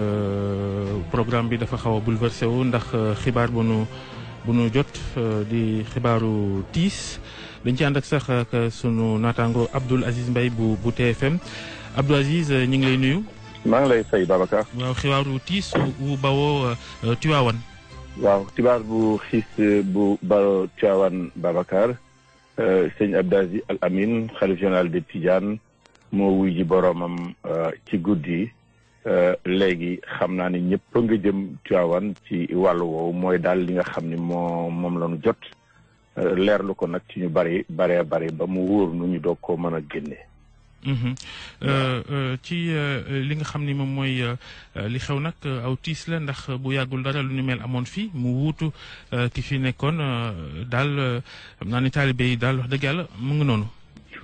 Euh, programme bi dafa xaw a bouleversé wu ndax euh, xibaar bunu bu nu jot euh, di xibaaru tiis dañ ci ànd ak sax ak sunu naataango Abdoul Aziz Mbaye bu bu TFM Abdoul Aziz ñu ngi lay nuyu. maa ngi lay fay Babacar. waaw xibaaru tiis wu bawoo Tiwaawan. waaw xibaar bu xiis bu bawoo Tiwaawan Babacar sëñ Abdoul Aziz Al Amin xalif général de Tidiane moo wuy boromam ci guddi. Euh, léegi xam naa ni ñëpp nga jëm Tiwaawan ci wàllu woow mooy daal li nga xam ni moo moom la ñu jot euh, leerlu ko nag ci ñu bari baree bari ba mu wóor nu ñu doog ko mën a génne. Mhm. Euh, ci li nga xam ni moom mooy li xew nag aw tiis la ndax bu yàggul dara lu ñu mel amoon fii mu wuutu ki fi nekkoon daal xam naa ni taalibe yi daal wax dëgg yàlla mu ngi noonu.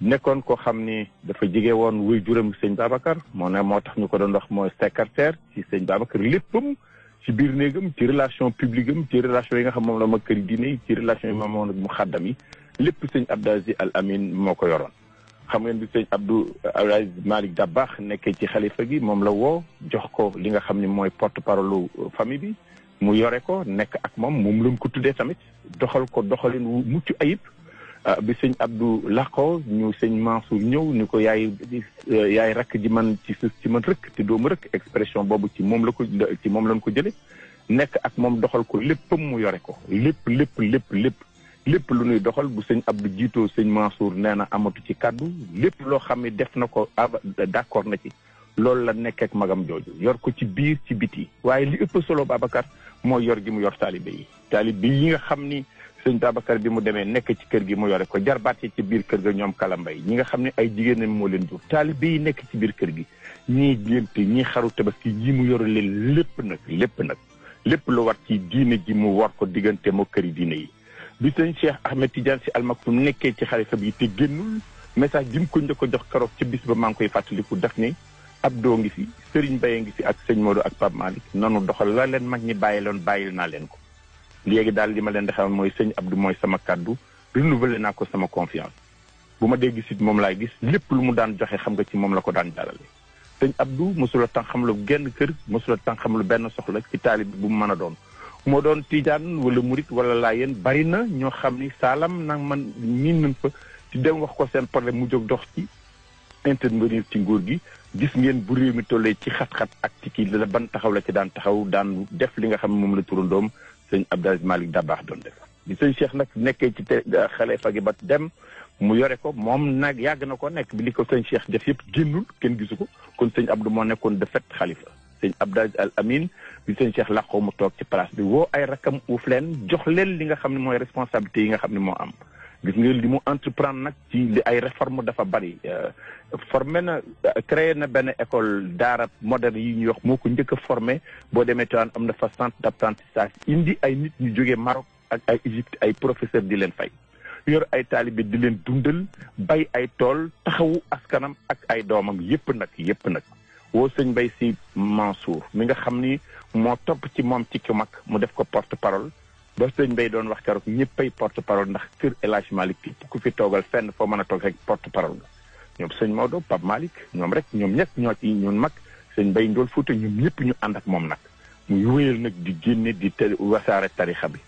nekkoon koo xam ni dafa jege woon wuy juróom sëñ Babacar moo ne moo tax ñu ko doon wax mooy secrétaire ci sëñ Babacar léppam ci biir néegam ci relation publique am ci relation yi nga xam moom la ma kër dine yi ci relation yi ma moom nag mu xaddam yi lépp sëñ Abdou Al Amin moo ko yoroon xam ngeen bi sëñ Abdou Abdou Aziz Malick Dabakh nekkee ci xalifa gi moom la woo jox ko li nga xam ne mooy porte parole famille bi mu yore ko nekk ak moom moom lañ ko tuddee tamit doxal ko doxalin wu mucc ayib Ah, bi sëñ Abdou laqoo ñu sëñ Mansour ñëw ni ko yaay yaay rakk ji man ci suuf ci man rëkk te doomu rëkk expression boobu ci moom la ko ci moom lañ ko jële nekk ak moom doxal ko léppam mu yore ko lépp lépp lépp lépp lépp lu nuy doxal bu sëñ Abdou jiitoo sëñ Mansour nee na amatu ci kàddu lépp loo xam ne def na ko d'accord na ci loolu la nekk ak magam jooju yor ko ci biir ci biti waaye li ëpp solo Babacar mooy yor gi mu yor taalibe yi taalibe yi nga xam ni sëñ Babacar bi mu demee nekk ci kër gi mu yore ko jarbaat ci biir kër ga ñoom kalambay ñi nga xam ne ay jigéen moo leen jur taalibe yi nekk ci biir kër gi ñii génte ñii xaru tabaski yi mu yore leen lépp nag lépp nag lépp lu war ci diine ji mu war ko diggante moo këri diine yi bi sëñ Cheikh Ahmed Tidiane si Al Maktoum nekkee ci xalifa bi te génnul message bi mu ko jox keroog ci bis ba maa ngi koy fàttaliku def ni Abdou ngi fi Serigne Baye ngi fi ak sëñ Modou ak Pape Malick noonu doxal la leen mag ñi bàyyi loon naa leen ko léegi daal li ma leen di xamal mooy sëñ Abdou mooy sama kaddu renouvelé naa ko sama confiance bu ma dee gisit moom laay gis lépp lu mu daan joxe xam nga ci moom la ko daan jaarale sëñ Abdou mosula tànxam lu genn kër tànxam lu benn soxla ci taalib bu mu doon doon tijaan wala murit wala laayeen bari na ñoo xam ni saalam nag man miin nañ fa ci dem wax ko seen problème mu jóg dox ci intervenir ci nguur gi gis ngeen bu réew mi tollee ci xat-xat ak ci kii la ban taxaw la ci daan taxaw daan def li nga xam moom la turandoom sëñ Abdou Aziz Malick Dabakh doon def bi sëñ Cheikh nag nekkee ci xalifa gi ba dem mu yore ko moom nag yàgg na ko nekk bi li ko sëñ Cheikh def yëpp génnul kenn gisu ko kon sëñ Abdou moo nekkoon de fait xalifa sëñ Abdou Aziz Al Amin bi sëñ Cheikh làqoo mu toog ci place bi woo ay rakam uuf leen jox leen li nga xam ne mooy responsabilité yi nga xam ne moo am gis nga li mu entreprendre nag ci li ay réforme dafa bari euh, formé na euh, créé na benn école daara moderne yi ñu wax moo ko njëkk a formé boo demee Tivaouane am na fa centre d'apprentissage indi ay nit ñu jógee Maroc ak ay Égypte ay professeur di leen fay yor ay talibé di leen dundal bay ay tool taxawu askanam ak ay doomam yépp nag yépp nag woo sëñ Mbaye si Mansour mi nga xam ni moo topp ci moom ci ki mag mu def ko porte parole ba sëñ Mbaye doon wax keroog ñëppay porte parole ndax kër El Hadj Malick képp ku fi toogal fenn foo mën a toog rek porte parole la ñoom sëñ Maodo Pape Malick ñoom rek ñoom ñett ñoo ci ñun mag sëñ Mbaye Ndiol Fouta ñoom ñëpp ñu ànd ak moom nag muy wéyal nag di génne di te wasaare tarixa bi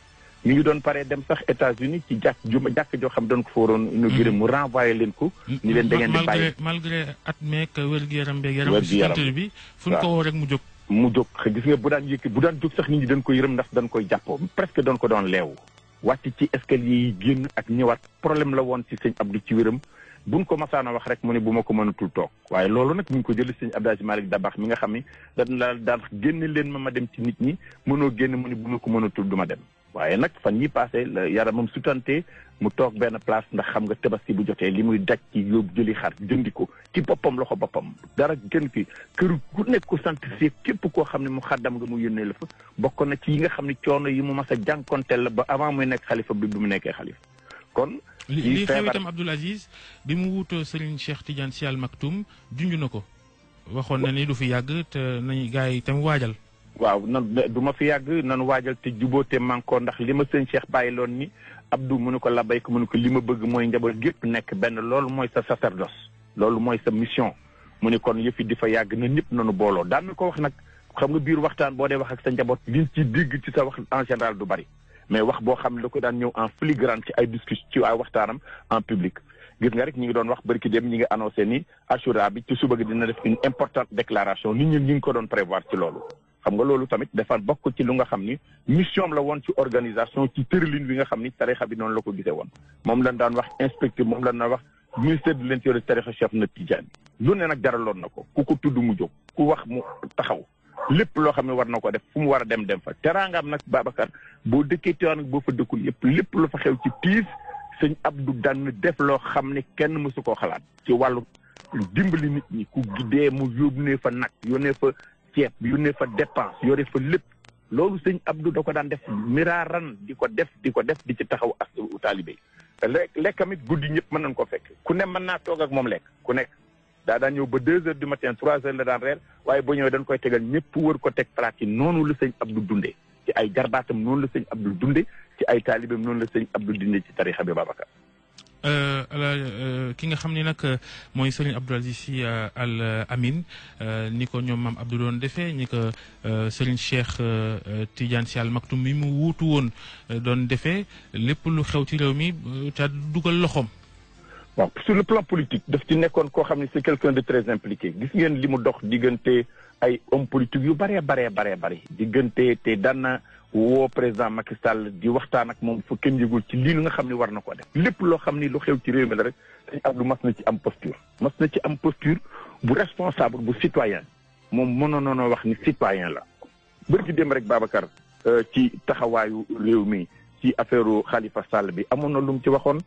ñu ngi doon paree dem sax États-Unis ci jàkk ju jàkk joo xam doon ko fa waroon inauguré mm-hmm. mu renvoyé leen ko. ni leen da ngeen di bàyyi malgré malgré at meek wér-gu-yaram yaram. wér yaram bi fu ñu mu jóg. mu jóg gis nga bu daan yëkk bu daan jóg sax nit ñi dañ ko yërëm ndax dañ koy jàppoo presque dañ ko doon leew wàcc ci escalier yi génn ak ñëwaat problème la woon ci sëñ Abdou ci wéram buñ ko masaana wax rek mu ne bu ma ko mënatul toog waaye loolu nag ñu ngi ko jël sëñ Abdou Aziz Malick Dabax mi nga xam ne dañ daan génn leen ma ma dem ci nit ñi mënoo génn mu ne bu ma ko mënatul du ma dem waaye nag fan yi passé la yaramam sutante mu toog benn place ndax xam nga tabaski bu jotee li muy daj ci yóbbu jëli xar jëndi ko ci boppam loxo boppam dara gën ki kër gu nekk ku sant si képp koo xam ne mu xaddam nga mu yónnee la fa bokk na ci yi nga xam ne coono yi mu mas a jànkonteel la ba avant muy nekk xalifa bi mu nekkee xalifa kon. li xew itam Abdoul Aziz bi mu wutoo Serigne Cheikh Tidiane Sy Al Maktoum junj na ko. waxoon na ni du fi yàgg te nañu gars yi itam waajal. waaw na du ma fi yàgg nan waajal te jubóote man ko ndax li ma sëñ Cheikh bàyyi loon ni Abdou mu ne ko labbayk mu ne ko li ma bëgg mooy njaboot gépp nekk benn loolu mooy sa sacerdoce loolu mooy sa mission mu ne kon yëfi di fa yàgg na ñëpp nanu booloo daan na ko wax nag xam nga biir waxtaan boo dee wax ak sa njaboot liñ ci dégg ci sa wax en général du bari mais wax boo xam ne da ko daan ñëw en flagrant ci ay discussion ci ay waxtaanam en public gis nga rek ñi ngi doon wax bërki dem ñi ngi annoncé ni Achoura bi ci suba gi dina def une importante ngi ko doon prévoir loolu xam nga loolu tamit dafa bokk ci lu nga xam ni mission la woon ci organisation ci tërëlin bi nga xam ni tarixa bi noonu la ko gisee woon moom lañ daan wax inspecteur moom lañ daan wax ministère de l'intérieur tarixa chef na Tijaan lu ne nag jaraloon na ko ku ko tudd mu jóg ku wax mu taxaw lépp loo xam ne war na ko def fu mu war a dem dem fa teraangaam nag Babacar boo dëkkee Tiwaawan boo fa dëkkul yëpp lépp lu fa xew ci tiis sëñ du daan def loo xam ne kenn mësu koo xalaat ci wàllu dimbali mu yónnee fa nag yónnee fa ceeb yónnee fa dépense yore fa lépp loolu sëñ Abdou da ko daan def miraaran di ko def di ko def di ci taxaw ak taalibe lekk lekkamit guddi ñëpp mën nañ ko fekk ku ne mën naa toog ak moom lekk ku nekk daa daan ñëw ba deux heures du matin trois heures la daan reer waaye ba ñëwee dañ koy tegal ñëpp wër ko teg palaat yi noonu la sëñ Abdou dundee ci ay garbaatam noonu la sëñ Abdou dundee ci ay taalibeem noonu la sëñ Abdou dundee ci tarixa bi Babacar Euh, euh, ki nga xam ni nag euh, mooy Serigne Abdoulaye Aziz Al Amine ni ko ñoom maam Abdou doon defee ni ko Serigne Cheikh Tidiane Sy Al Maktoum mi mu wuutu woon doon defee lépp lu xew ci réew mi ca dugal loxoom. waaw sur le plan politique daf ci nekkoon koo xam ne c'est quelqu'un de très impliqué gis ngeen li mu dox diggante ay hommes politiques yu bëree baree baree bëri diggante te daan woo président Macky Sall di waxtaan ak moom fa kenn yëgul ci lii nga xam ni war na ko def lépp loo xam ni lu xew ci réew mi la rek sëñ lu mas na ci am posture mas na ci am posture bu responsable bu citoyen moom mënoon noonoo wax ni citoyen la bërki dem rek Babacar euh, ci taxawaayu réew mi ci affaire Khalifa Sall bi amoon na lu mu ci waxoon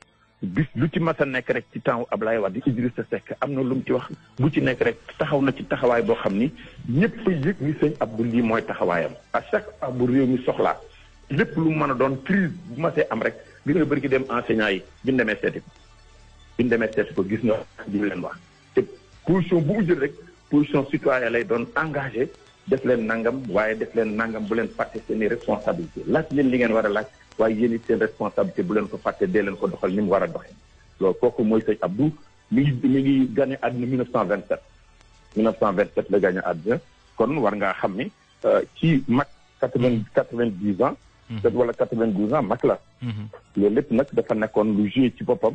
bis lu ci mas a nekk rek ci temps Ablaye Wade Idrissa Seck am na lu mu ci wax bu ci nekk rek taxaw na ci taxawaay boo xam ni ñëpp yëg ni sëñ Abdou lii mooy taxawaayam à chaque fois bu réew mi soxla lépp lu mën a doon crise bu masee am rek gis nga bëri ki dem enseignant yi biñu demee seeti ko biñu demee seeti ko gis nga ji leen wax te position bu jël rek position citoyen lay doon engagé def leen nangam waaye def leen nangam bu leen fàtte seeni responsabilité laaj leen li ngeen war a laaj waaye yéen it seen responsabilité bu leen ko fàtte dee leen ko doxal ni mu war a doxee loolu kooku mooy sëñ Abdou mi ngi mi ngi gagné àdduna 1927. 1927 la gagné àdduna kon war ngaa xam ni ci euh, mag 90 90 ans. Mhm. wala 92 ans mag la. Mhm. loolu lépp nag dafa nekkoon lu joué ci boppam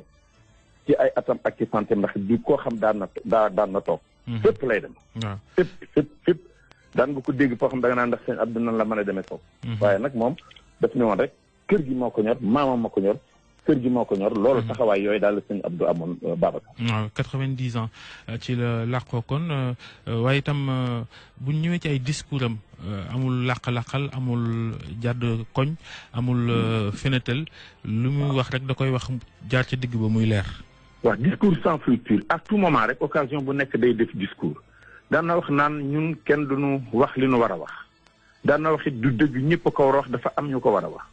ci ay atam ak ci santé ndax du koo xam daan na daa daan na toog. Mhm. fépp lay dem. waaw fépp fépp fépp daan nga ko dégg foo xam da nga naan ndax sëñ Abdou nan la mën a demee foofu. waaye nag moom daf ñëwoon rek kër gi moo ko ñor maamam moo ko ñor kër gi moo ko ñor loolu mhm. taxawaay yooyu daal sëñ Abdou amoon euh, babaka waaw quatre-vingt-dix ans euh, ci la làqoo kon euh, waaye itam bu ñëwee ci ay discours am amul làq-làqal amul jàdd koñ amul mhm. fenetel lu muy wax rek da koy wax jaar ci digg ba muy leer. waaw discours sans structure à tout moment rek occasion bu nekk day def discours daan na wax naan ñun kenn duñu wax li nu war a wax daan na wax it du dëgg ñëpp ko war a wax dafa am ñu ko war a wax.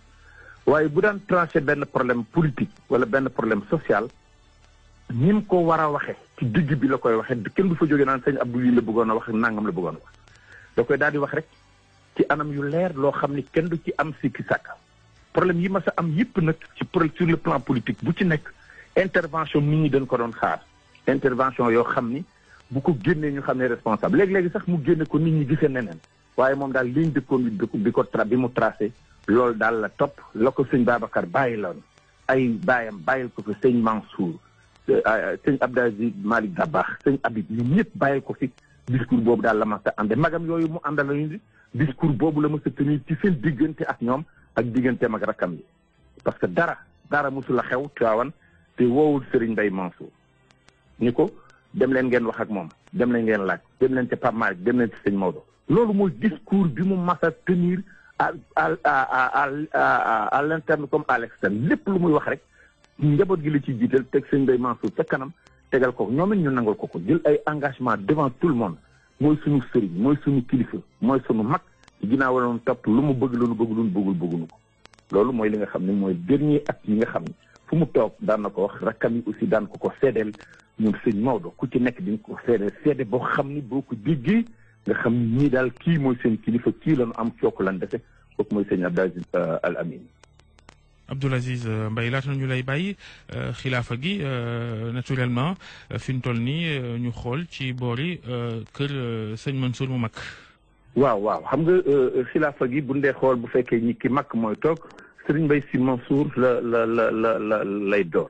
waaye bu daan tranché benn problème politique wala benn problème social ni mu ko war a waxe ci digg bi la koy waxe kenn du fa jógee naan sëñ Abdou lii la bëggoon a wax nangam la bëggoon a wax da koy daal di wax rek ci anam yu leer loo xam ni kenn du ci am sikki sàkk problème yi ma sa am yëpp nag ci sur le plan politique bu ci nekk intervention nit ñi dañ ko doon xaar intervention yoo xam ni bu ko génnee ñu xam ne responsable léegi-léegi sax mu génne ko nit ñi gisee neneen waaye moom daal liñ dëkkoon bi ko ko tra bi mu tracé loolu daal la topp la ko sëñ Babacar bàyyi loon ay baayam bàyyil ko fi sëñ Mansour sëñ Abdou Aziz Malick baax sëñ Habib ñoom ñëpp bàyyil ko fi discours boobu daal la mas a ànde magam yooyu mu àndal lañu di discours boobu la mas a tenir ci seen diggante ak ñoom ak diggante mag rakam yi parce que dara dara mosul a xew Tiwaawan te woowul sëriñ bay Mansour ni ko dem leen ngeen wax ak moom dem leen ngeen laaj dem leen ca Pape dem leen ci sëñ Maodo loolu mooy à à à à à l'interne comme à l'externe lépp lu muy wax rek njaboot gi li ci jiital teg sëñ Mbaye Mansour ca kanam tegal ko ñoom ñu nangal ko ko jël ay engagement devant tout le monde mooy suñu sëriñ mooy suñu kilifa mooy suñu mag ci ginnaaw la doon topp lu mu bëgg lu nu bëgg lu mu bëggul bëgguñu ko. loolu mooy li nga xam ne mooy dernier at yi nga xam ne fu mu toog daan na ko wax rakkam yi aussi daan ko ko seedeel ñun sëñ Maodo ku ci nekk di nga ko seedeel seede boo xam ni boo ko déggee لخم آه، عبد العزيز آه، بايلات آه، نيو لاي باي خلافه غي ناتوريلمون بوري كير منصور مومك واو واو خمغ خلافه غي بون خول بو فكي ني كي ماك منصور لا لا لا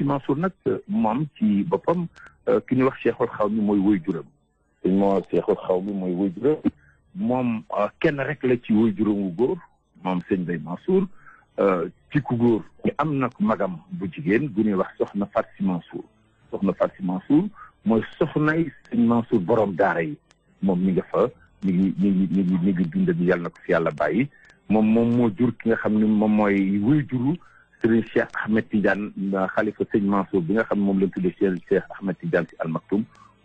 منصور نك مام تي كي ني واخ شيخ الخاوي suñ moo seexul xaw bi mooy wuy moom euh, kenn rek la ci wuy juróomu góor moom sëñ Bay Mansour euh, ci ku góor ñu am na ko magam bu jigéen gu ñuy wax soxna Fatou Sy Mansour soxna Fatou Sy Mansour mooy soxnay sëñ Mansour borom daara yi moom mi nga fa mi ngi mi ngi mi ngi mi ngi bi yàlla na ko fi yàlla bàyyi moom moom moo jur ki nga xam ne moom mooy wuy juru sëriñ Cheikh Ahmed Tidiane euh, xalifa sëñ Mansour bi nga xam ne moom lañ tuddee sëriñ Cheikh Ahmed Tidiane si almaktum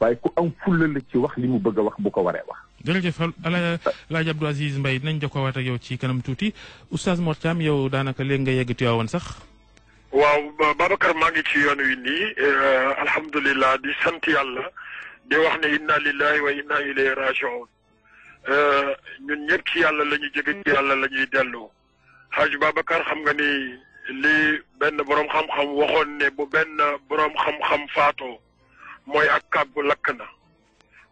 waaye ku am fulla la ci wax li mu bëgg a wax bu ko waree wax. jërëjëf Alaaji Abdou Aziz Mbaye dinañ jokkoowaat ak yow ci kanam tuuti oustaz Mor Thiam yow daanaka léegi nga yegg Tiwaawan sax. waaw Babacar maa ngi ci yoon wi nii euh, alhamdulilah di sant yàlla di wax ne inna lillahi wa inna ilayhi raji'un euh, ñun ñëpp ci yàlla la ñu jóge ci yàlla la ñuy dellu Haaj Babacar xam nga ni li benn boroom xam-xam waxoon ne bu benn boroom xam-xam faatoo. mooy ak kàggu lakk na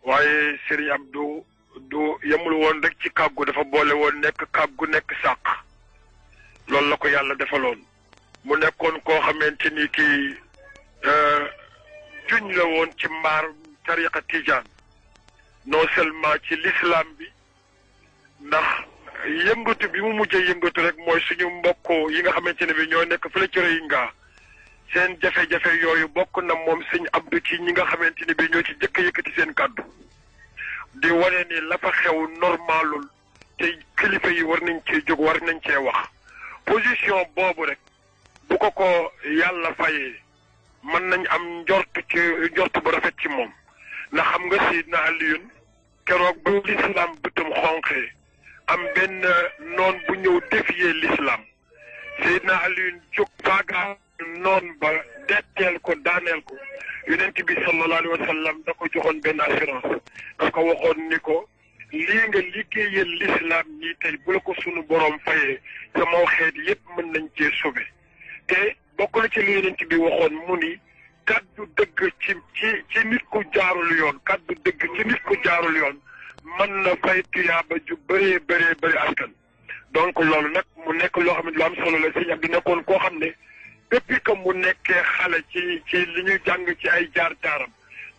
waaye Serigne Abdou du yemul woon rek ci kàggu dafa boole woon nekk kàggu nekk sàq loolu la ko yàlla defaloon mu nekkoon koo xamante ni kii euh, juñ la woon ci mbaar tariqa tijaan non seulement ci lislaam bi ndax yëngatu bi mu mujjee yëngatu rek mooy suñu mbokk yi nga xamante ne bi ñoo nekk fële ci Rohingya seen jafe-jafe yooyu bokk na moom sëñ Abdou ci ñi nga xamante ni bi ñoo ci jëkk yëkkati seen kàddu di wane ni la fa xew normalul te kilifa yi war nañ cee jóg war nañ cee wax position boobu rek bu ko ko yàlla fayee mën nañ am njort ci njort bu rafet ci moom ndax xam nga Seydina Aliyun keroog bu lislaam bëtam xonqee am benn noon bu ñëw défier lislaam Seydina Aliyun jóg faagaa noon ba detteel ko daaneel ko yonent bi sallallahu alayhi wa sallam da ko joxoon benn assurance da ko waxoon ni ko lii nga liggéeyal lislaam nii tey bu la ko sunu boroom fayee sama xeet yépp mën nañ cee sauver te bokk na ci li yonent bi waxoon mu ni kàddu dëgg ci ci ci nit ku jaarul yoon kàddu dëgg ci nit ku jaarul yoon mën na fay tuyaaba ju bëree bëree bëri askan donc loolu nag mu nekk loo xam ne lu am solo la sëñ Abdou nekkoon koo xam ne depuis comme mu nekkee xale ci ci li ñu jàng ci ay jaar-jaaram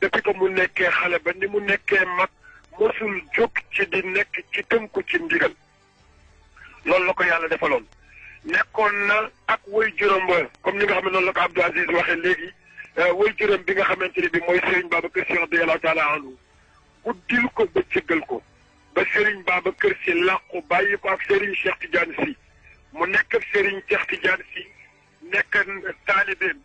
depuis que mu nekkee xale ba ni mu nekkee mag mosul jóg ci di nekk ci tënku ci ndigal loolu la ko yàlla defaloon nekkoon na ak way juróom ba comme ni nga xam ne noonu la ko Abdou Aziz waxee léegi euh, way juróom bi nga xamante ne bi mooy Serigne Babacar Sy radiyallahu taala anhu guddil ko ba cëggal ko ba sëriñ Serigne Babacar Sy làqu bàyyi ko ak Serigne Cheikh Tidiane Sy mu nekk ak Serigne Cheikh Tidiane Sy nekk taalibeem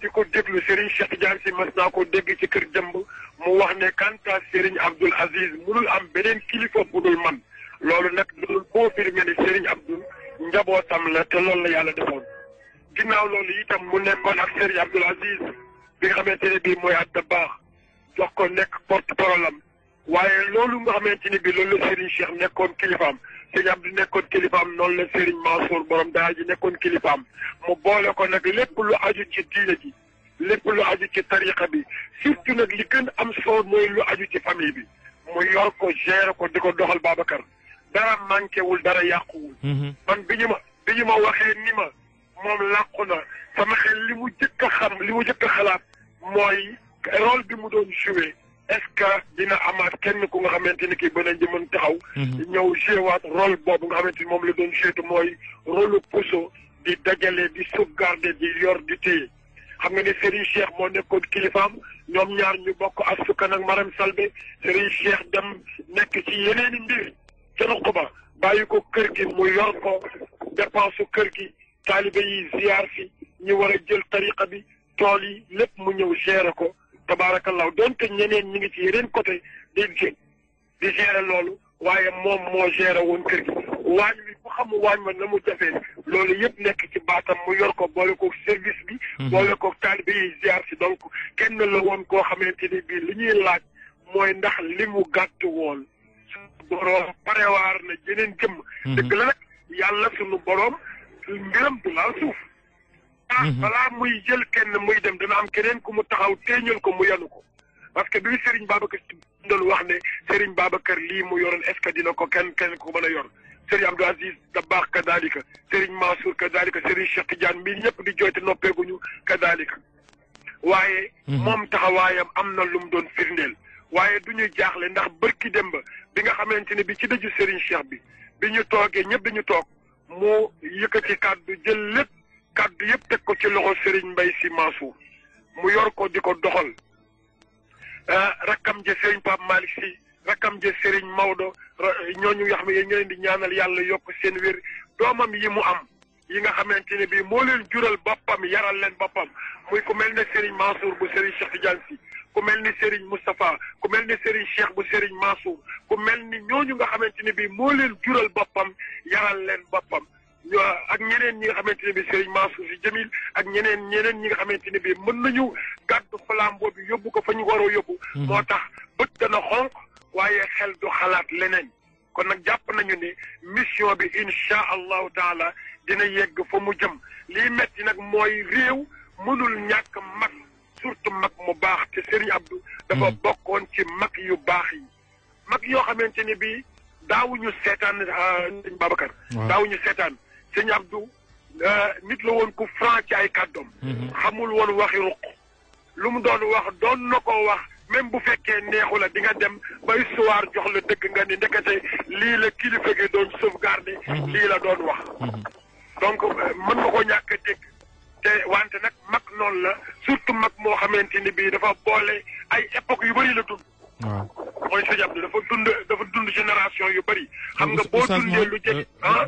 di ko déglu Serigne Cheikh Diagne si mas naa ko dégg ci kër jëmb mu wax ne kanta Serigne Abdoul Aziz munul am beneen kilifa bu dul man loolu nag loolu confirmé ne Serigne Abdoul njabootam la te loolu la yàlla defoon. ginnaaw loolu itam mu nekkoon ak Serigne Abdoul Aziz bi nga xamante ne bii mooy at baax jox ko nekk porte waaye loolu nga xamante ne bii loolu la Serigne nekkoon kilifaam. sëñ Abdou nekkoon kilifaam noonu la Serigne Mansour borom daal ji nekkoon kilifaam mu boole ko nag lépp lu aju ci ji lépp lu aju ci tariqa bi surtout nag li gën am solo mooy lu aju ci famille bi mu yor ko gérer ko di ko doxal Babacar dara manqué wul dara yàquwul. Mhm. man bi ñu ma bi ma waxee ni ma moom làqu na sama xel li mu a li mu jëkk a xalaat mooy rôle bi mu doon joué. est-ce dina amaat kenn ku nga xamante ni kii beneen ji mën taxaw. Mhm. ñëw jouewaat rôle boobu nga xamante ni moom la doon joué mooy rôle puso di dajale di sauvegarder di yor di téye xam nga ne Serigne Cheikh moo nekkoon kilifaam ñoom ñaar ñu bokk asukan ak Marème Salbé Serigne Cheikh dem nekk ci yeneeni mbir ca ba bàyyi ko kër gi mu yor ko dépense kër gi taalibe yi ziar fi ñu war a jël tariqa bi tool yi lépp mu ñëw gérer ko. tabaarakallaahu donte ñeneen ñi ngi ci yeneen côté di génn di loolu waaye moom moo gérer woon kër gi waañ wi ku xamu waañ wa na mu jafee loolu yëpp nekk ci baatam mu yor ko boole ko service bi. Mhm. boole koog taalibe yi si donc kenn la woon koo xamante ni bii li ñuy laaj mooy ndax li mu gàtt woon. boroom parewaar na jeneen jëmm. Mhm. dëgg la nag yàlla sunu boroom mbiram du suuf. ah balaa muy jël kenn muy dem dana am keneen ku mu taxaw téeñal ko mu yanu ko parce que bi Serigne Babacar si doon wax ne Serigne Babacar lii mu yoroon est ce que dina ko kenn kenn ku mën a yor Serigne Abdou Aziz Dabakh kadalika Serigne Mansour kadalika Serigne Cheikh Tidiane mii ñëpp di jooy jooyte noppeeguñu kadalika waaye mhm. moom taxawaayam am na lu mu doon firndeel waaye du ñuy jaaxle ndax bërki dem ba bi nga xamante ne bi ci dëju Serigne Cheikh bi bi ñu toogee ñëpp dañu toog mu yëkkati kàddu jël lépp kàddu yëpp teg ko ci loxo seriñ mbay Sy Mansour mu yor ko di ko doxal euh, rakkam ja Serigne Pape Malick Sy rakkam je Serigne Maodo ñooñu nga xam ne yéen ñu leen di ñaanal yàlla yokk seen wér doomam yi mu am yi nga xamante ne bii moo leen jural boppam yaral leen boppam muy ku mel ni Serigne Mansour bu Serigne Cheikh Tidiane si ku mel ni Serigne Moustapha ku mel ni Serigne Cheikh bu Serigne Mansour ku mel ni ñooñu nga xamante ne bii moo leen jural boppam yaral leen boppam ak ñeneen ñi nga xamante ne bi Serigne Mansour Sy Djamil ak ñeneen ñeneen ñi nga xamante ne bi mën nañu gàddu flambeau bi yóbbu ko fa ñu waroo yóbbu. Hmm. moo tax bët dana xonq waaye xel du xalaat leneen. kon nag jàpp nañu ni mission bi incha allahu taala dina yegg fa mu jëm liy metti nag mooy réew mënul ñàkk mag surtout mag mu baax te Serigne Abdou. dafa hmm. bokkoon ci mag yu baax yi. mag yoo xamante ni bi daawuñu seetaan euh, Serigne Babacar. daawuñu seetaan. sëñ Abdou nit la woon ku franc ci ay kàddoom. Mhm. xamul woon waxi ruq lu mu doon wax doon na ko wax même bu fekkee neexu la di nga dem ba histoire jox la dëkk nga ni ndekete lii la kilifa gi doon sauvegarder. Mhm. lii la doon wax. Mhm. donc euh, mën nga ko ñàkk a dégg te wante nag mag noonu la surtout mag moo xamante ni bii dafa boole ay époque yu bëri la dund. waaw mooy sëñ dafa dund dafa génération yu bëri. xam nga boo dundee lu jege euh, ah?